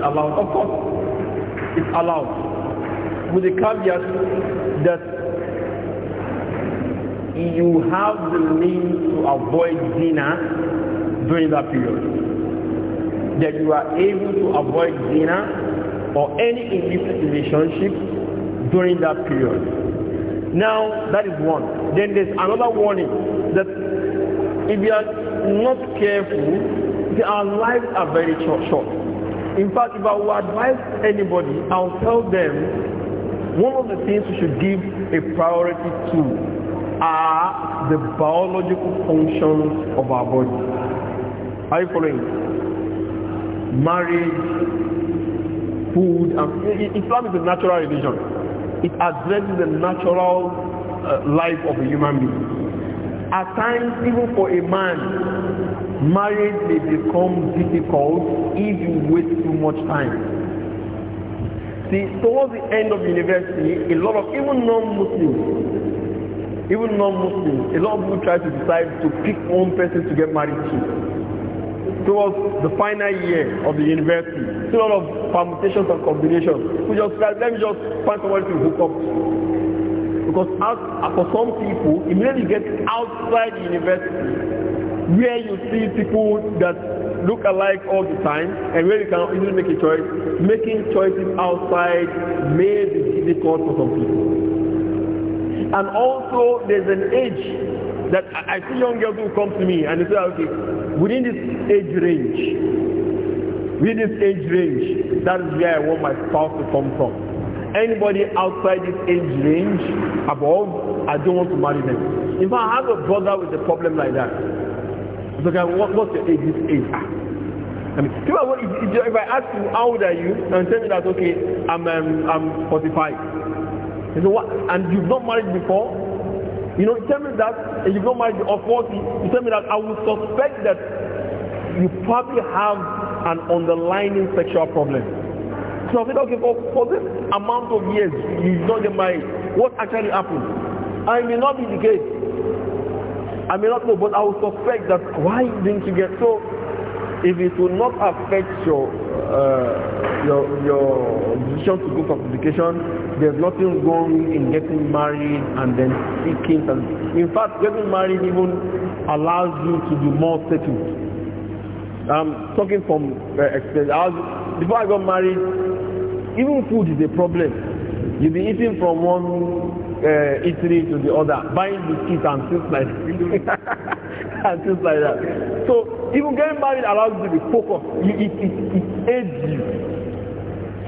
allowed. Of course, it's allowed. With the caveat that you have the means to avoid dinner during that period. That you are able to avoid dinner or any illicit relationship during that period. Now, that is one. Then there's another warning that if you are not careful, our lives are very short. In fact, if I would advise anybody, I'll tell them one of the things you should give a priority to are the biological functions of our body. Are you following? Marriage, food, and Islam is a natural religion. It addresses the natural uh, life of a human being. At times, even for a man, marriage may become difficult if waste too much time. See, towards the end of university, a lot of even non-Muslims, even non-Muslims, a lot of people try to decide to pick one person to get married to towards the final year of the university. It's a lot of permutations and combinations. We just let me just find somebody to hook up. Because as, for some people, immediately you get outside the university, where you see people that look alike all the time and where you can easily make a choice, making choices outside may be difficult for some people. And also there's an age that I see young girls who come to me and they say, ah, okay, within this age range, within this age range, that is where I want my spouse to come from. Anybody outside this age range, above, I don't want to marry them. If I have a brother with a problem like that, it's okay, what, what's your age? This age? Ah, I mean, if I, if I ask you how old are you, and tell me that okay, I'm um, I'm 45. You know what? And you've not married before. You know, tell me that you've not married or 40. You tell me that I would suspect that you probably have an underlying sexual problem. So I said, okay, for, for this amount of years you've not get married, what actually happened? I may not be the case. I may not know, but I would suspect that why didn't you get so if it will not affect your uh, your your decision to go for publication, there's nothing wrong in getting married and then seeking. And in fact, getting married even allows you to be more settled. I'm talking from uh, experience. I before I got married, even food is a problem. You be eating from one uh, eatery to the other, buying biscuits and things like and things like that. So even getting married allows you to be focused. it, it, it aids you.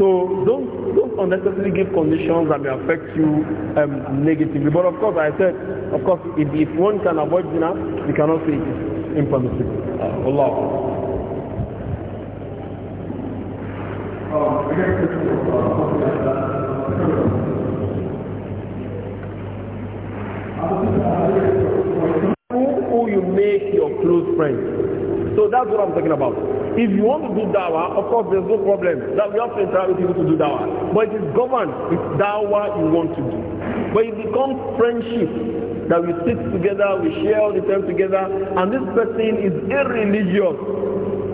So don't don't unnecessarily give conditions that may affect you um, negatively. But of course, I said, of course, if, if one can avoid dinner, you cannot say it is impermissible. Uh, Allah. Um, I guess this is, uh, something like that. friends. So that's what I'm talking about. If you want to do dawah, of course there's no problem. That we have to interact with people to do dawah. But it is governed with dawah you want to do. But it becomes friendship that we sit together, we share all the time together, and this person is irreligious,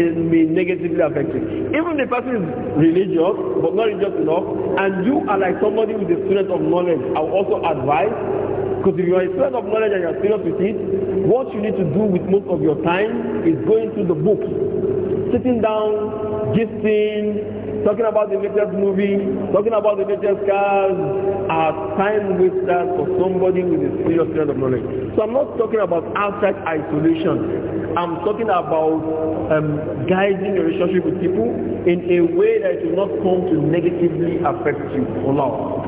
it may negatively affect you. Even the person is religious, but not religious enough, and you are like somebody with is a student of knowledge, I will also advise Because if you are a student of knowledge and you are serious with it, what you need to do with most of your time is going through the books, sitting down, gisting, talking about the latest movie, talking about the latest cars, are time wasters for somebody with a serious student of knowledge. So I'm not talking about outside isolation. I'm talking about um, guiding your relationship with people in a way that will not come to negatively affect you. for long.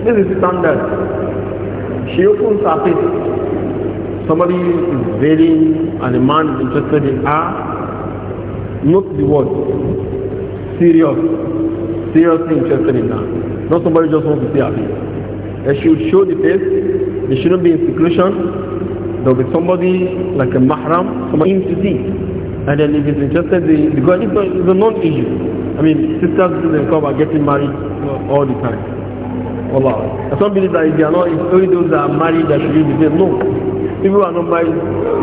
This is standard. She opens her face. Somebody is dating and a man is interested in her. Note the word serious, seriously interested in that. Not somebody just wants to see happy. They should show the face. They shouldn't be in seclusion. There will be somebody like a mahram, somebody in to see. And then if he's interested, the, the girl is a, non-issue. I mean, sisters in club are getting married all the time. Allah. And some believe that if they are not, it's only those that are married that should be with them. No. people are not married. Uh,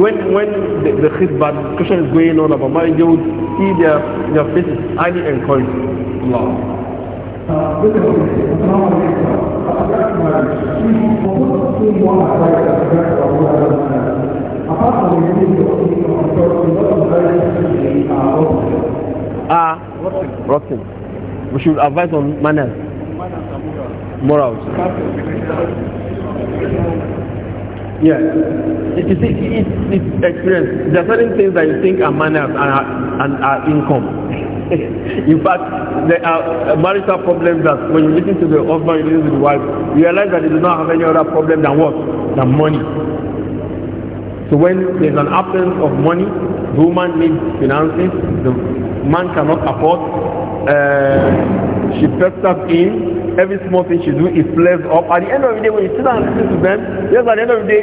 when when the, the khidbah discussion is going on about marriage, they would see their their faces highly encouraged. Allah. Uh, uh, ah, uh, rotten. We should advise on manners, morals. Yeah, You see, it's, it's experience. There are certain things that you think are manners and are, and are income. In fact, there are marital problems that when you listen to the husband, you listen to the wife, you realize that they do not have any other problem than what? Than money. So when there's an absence of money, the woman needs finances, the man cannot afford, uh, she festers in, every small thing she do it blessed up. At the end of the day, when you sit down and listen to them, yes, at the end of the day,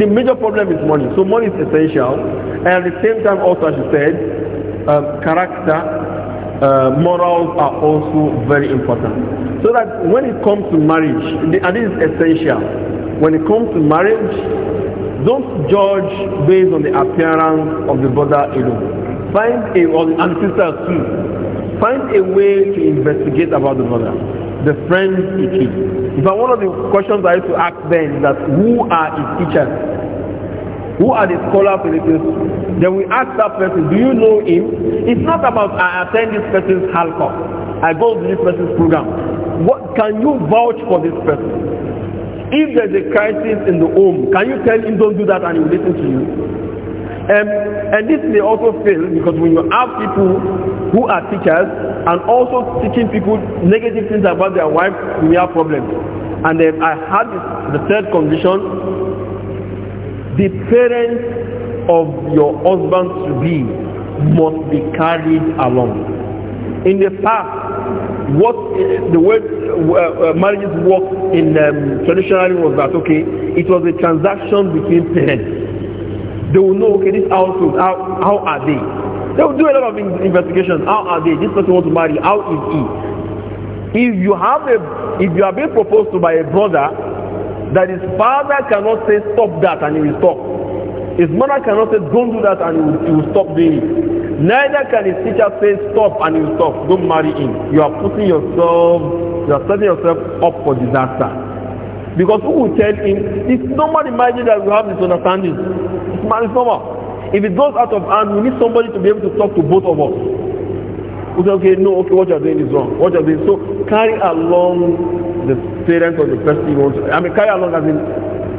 the major problem is money. So money is essential. And at the same time also, as you said, um, character, uh, morals are also very important. So that when it comes to marriage, the, and this is essential, when it comes to marriage, don't judge based on the appearance of the brother alone. Find a, or the sisters too, find a way to investigate about the brother the friends he keeps. In fact, one of the questions I used to ask then is that who are his teachers? Who are the scholars in the Then we ask that person, do you know him? It's not about I attend this person's halqa. I go to this person's program. What Can you vouch for this person? If there's a crisis in the home, can you tell him don't do that and he will listen to you? Um, and this may also fail because when you have people who are teachers and also teaching people negative things about their wife, you may have problems. And then um, I had this, the third condition, the parents of your husband to be must be carried along. In the past, what the way uh, uh, marriages worked in um, traditionally was that okay, it was a transaction between parents They will know, okay, this household, how, how are they? They will do a lot of investigation. How are they? This person want to marry. How is he? If you have a, if you are being proposed to by a brother, that his father cannot say stop that and he will stop. His mother cannot say don't do that and he will, he will stop doing it. Neither can his teacher say stop and he will stop. Don't marry him. You are putting yourself, you are setting yourself up for disaster. Because who will tell him, it's normal in that we have this misunderstanding. It's normal. If it goes out of hand, we need somebody to be able to talk to both of us. We say, okay, no, okay, what you're doing is wrong. What you're doing. So carry along the parents or the person you want to, I mean, carry along as in,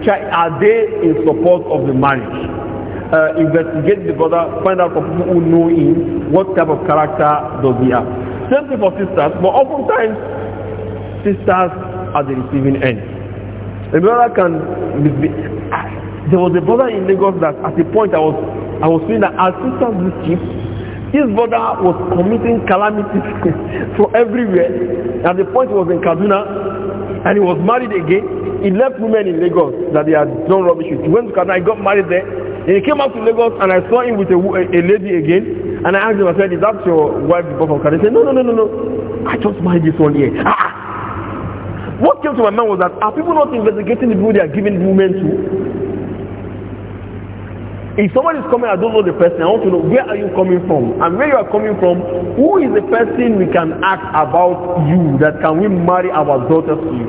try, are they in support of the marriage? Uh, investigate the brother, find out from people who know him, what type of character does he have. Same thing for sisters, but oftentimes, sisters are the receiving end A brother can be, ah, there was a brother in Lagos that at a point I was I was feeling that our sister's this chief, his brother was committing calamities for everywhere. At the point he was in Kaduna and he was married again. He left women in Lagos that they had done rubbish with. He went to Kaduna, he got married there. and he came back to Lagos and I saw him with a, a, lady again. And I asked him, I said, is that your wife before from Kaduna? He said, no, no, no, no, no. I just married this one here. Ah, What came to my mind was that are people not investigating the people they are giving women to? If someone is coming, I don't know the person, I want to know where are you coming from and where you are coming from, who is the person we can ask about you that can we marry our daughters to you?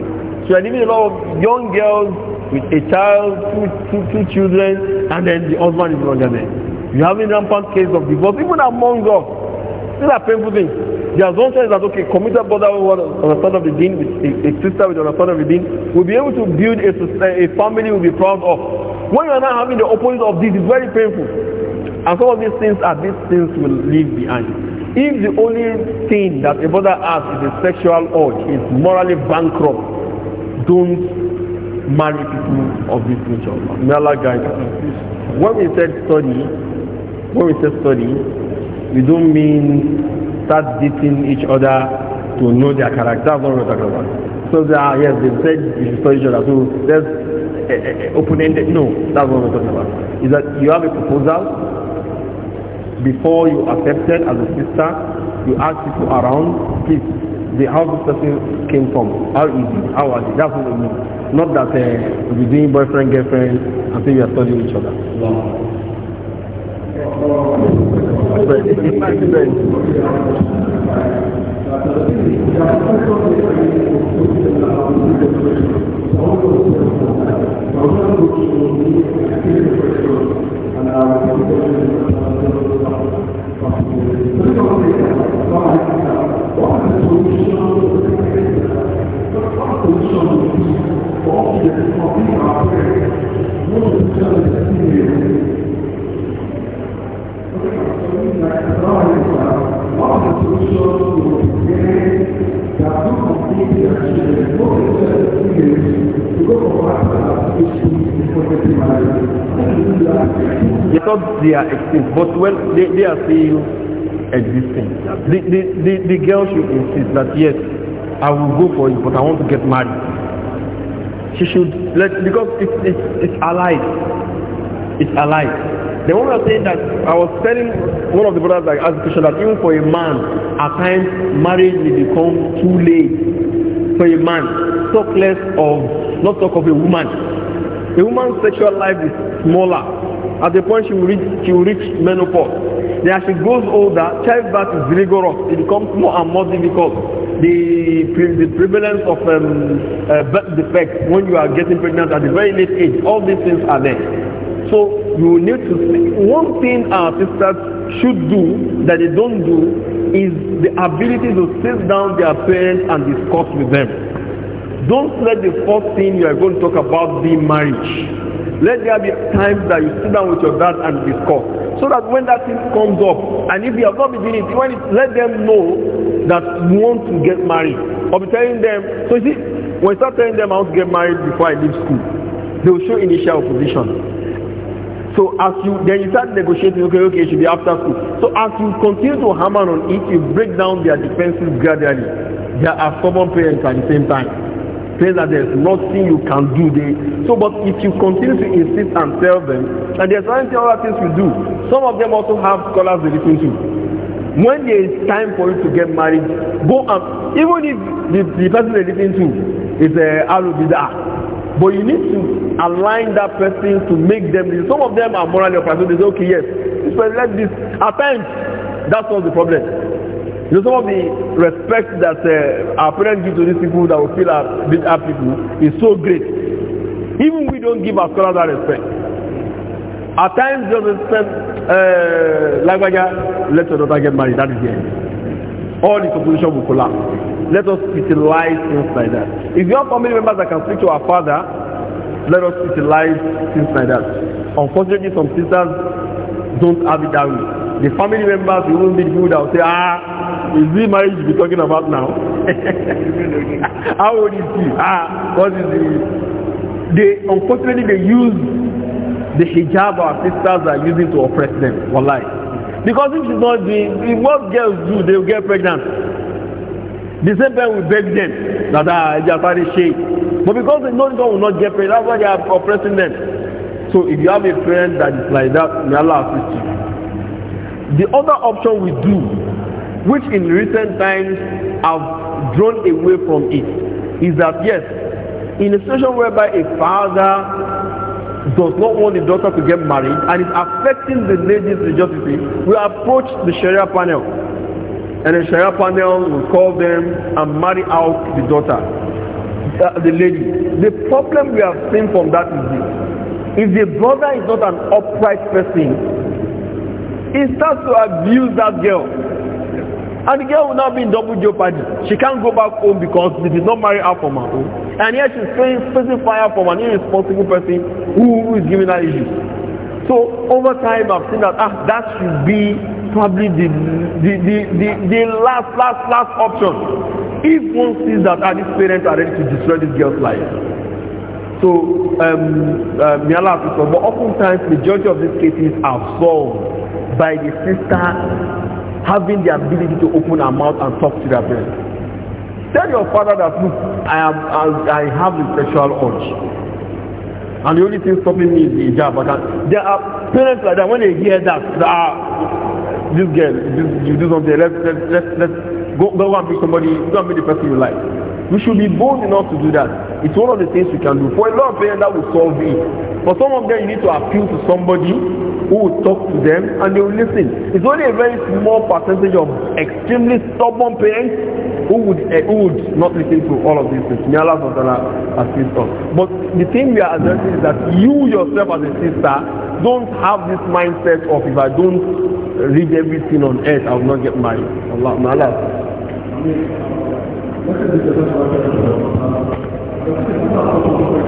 So I'm leaving a lot of young girls with a child, two, two, two children, and then the husband is under them. You having rampant case of divorce, even among us. These are painful things. The assumption is that okay, committed brother on the son of the deen, a sister with the son of the dean, will be able to build a, a family will be proud of. When you are not having the opposite of this, it's very painful. And some of these things are these things will leave behind. If the only thing that a brother has is a sexual urge, is morally bankrupt, don't marry people of this nature. May Allah guide us. When we said study, when we say study, we don't mean start dating each other to know their character. That's what we're talking about. So they are, yes, they said you should each other. So there's open-ended. No, that's what we're talking about. Is that you have a proposal before you accepted as a sister, you ask people around, please, the, how this person came from, how is it, how was it, that's what we mean. Not that uh, eh, you're doing boyfriend, girlfriend, until you are studying each other. 本，第八本。It's they are existence, but when they, they are still existing. The, the, the, the girl should insist that yes, I will go for it, but I want to get married. She should let because it's it's it's allied. It's alive. The one was saying that I was telling one of the brothers like as Christian that even for a man, at times marriage may become too late for a man. Talk less of not talk of a woman. A woman's sexual life is smaller. At the point she will reach she will reach menopause. Then as she goes older, childbirth is rigorous. It becomes more and more difficult the, pre the prevalence of um, uh, birth defects when you are getting pregnant at a very late age. All these things are there. So you need to see. One thing our sisters should do that they don't do is the ability to sit down their parents and discuss with them. Don't let the first thing you are going to talk about be marriage. Let there be times that you sit down with your dad and discuss. So that when that thing comes up, and if you have not been doing it, when it, let them know that you want to get married. I'll be telling them, so you see, when I start telling them I want to get married before I leave school, they will show initial opposition. So as you, then you start negotiating, okay, okay, it should be after school. So as you continue to hammer on it, you break down their defenses gradually. There are stubborn parents at the same time says that there's nothing you can do there. So, but if you continue to insist and tell them, and there's certain other things you do, some of them also have scholars they listen to. When there is time for you to get married, go up. even if the, the person they listen to is a uh, Arubida, But you need to align that person to make them. Some of them are morally oppressed. So they say, okay, yes, this person let this attend. That's not the problem. You know, some of the respect that uh, our parents give to these people that we feel are these are people is so great. Even we don't give our scholars that respect. At times they understand, uh, like, let your daughter get married, that is the end. All the population will collapse let us utilize things like that. If you have family members that can speak to our father, let us utilize things like that. Unfortunately, some sisters don't have it that way. The family members will be good that will say, ah, is this marriage you be talking about now? How old is he? Ah, what is he? They, unfortunately, they use the hijab our sisters are using to oppress them, life. Because if she's not doing, if what girls do, they'll get pregnant. The same time we beg them that ah, Jafari Sheikh. But because they know God will not get praise, that's why they are oppressing them. So if you have a friend that is like that, may Allah assist you. The other option we do, which in recent times have drawn away from it, is that yes, in a situation whereby a father does not want the daughter to get married and is affecting the lady's religiosity, we approach the Sharia panel and the Sharia panel will call them and marry out the daughter, the, uh, the lady. The problem we have seen from that is this. If the brother is not an upright person, he starts to abuse that girl. And the girl will now be in double jeopardy. She can't go back home because they did not marry her from her home. And here she's facing fire from an irresponsible person who, who is giving her issues. So over time I've seen that ah, that should be probably the, the, the, the, the last, last, last option. If one sees that ah, these parents are ready to destroy this girl's life. So, um, uh, may Allah have but oftentimes majority of these cases are solved by the sister having the ability to open her mouth and talk to their parents. Tell your father that, look, I, am, I, I have the sexual urge and the only thing stopping me is the hijab. But uh, there are parents like that when they hear that, they are ah, this girl, this, you do something, let's, let's, let's, let's go, go and be somebody, go and be the person you like. We should be bold enough to do that. It's one of the things we can do. For a lot of parents, that will solve it. For some of them, you need to appeal to somebody who will talk to them and they will listen. It's only a very small percentage of extremely stubborn parents who would, uh, who would not listen to all of these things. May Allah has But the thing we are addressing is that you yourself as a sister Don't have this mindset of if I don't read everything on earth, I will not get married. Allah, Allah. What is